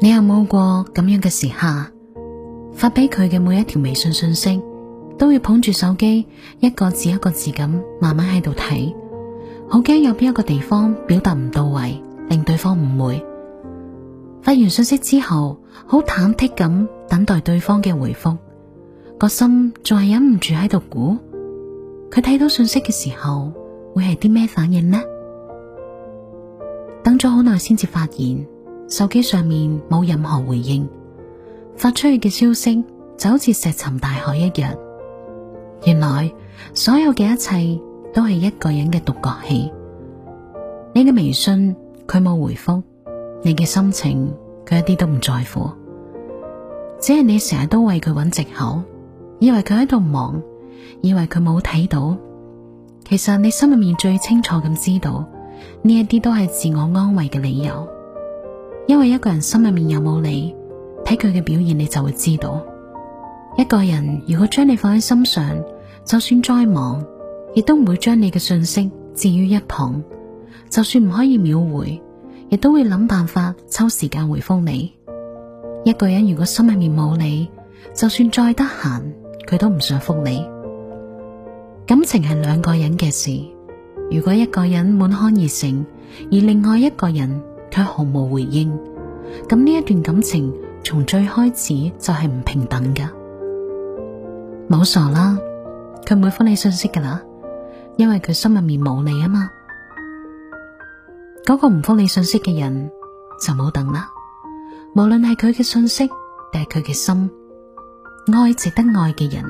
你有冇過咁樣嘅時下，發俾佢嘅每一條微信信息，都要捧住手機一個字一個字咁慢慢喺度睇，好驚有邊一個地方表達唔到位，令對方誤會。發完信息之後，好忐忑咁等待對方嘅回復，個心仲係忍唔住喺度估，佢睇到信息嘅時候會係啲咩反應呢？等咗好耐先至發現。手機上面冇任何回應，發出去嘅消息就好似石沉大海一樣。原來所有嘅一切都係一個人嘅獨角戲。你嘅微信佢冇回覆，你嘅心情佢一啲都唔在乎，只係你成日都為佢揾借口，以為佢喺度忙，以為佢冇睇到。其實你心裏面最清楚咁知道呢一啲都係自我安慰嘅理由。因為一個人心裏面有冇你，睇佢嘅表現，你就會知道。一個人如果將你放喺心上，就算再忙，亦都唔會將你嘅信息置於一旁。就算唔可以秒回，亦都會諗辦法抽時間回覆你。一個人如果心裏面冇你，就算再得閒，佢都唔想覆你。感情係兩個人嘅事，如果一個人滿腔熱誠，而另外一個人，佢毫無回應，咁呢一段感情從最開始就係唔平等噶。冇傻啦，佢唔會覆你信息噶啦，因為佢心入面冇你啊嘛。嗰個唔覆你信息嘅人就冇等啦。無論係佢嘅信息定係佢嘅心，愛值得愛嘅人，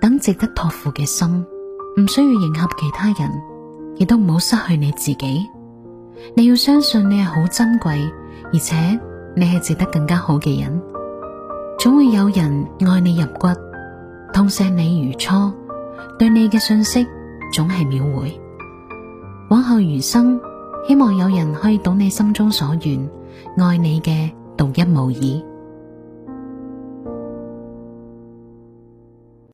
等值得托付嘅心，唔需要迎合其他人，亦都唔好失去你自己。你要相信你係好珍貴，而且你係值得更加好嘅人，總會有人愛你入骨，痛錫你如初，對你嘅信息總係秒回。往後餘生，希望有人可以懂你心中所願，愛你嘅獨一無二。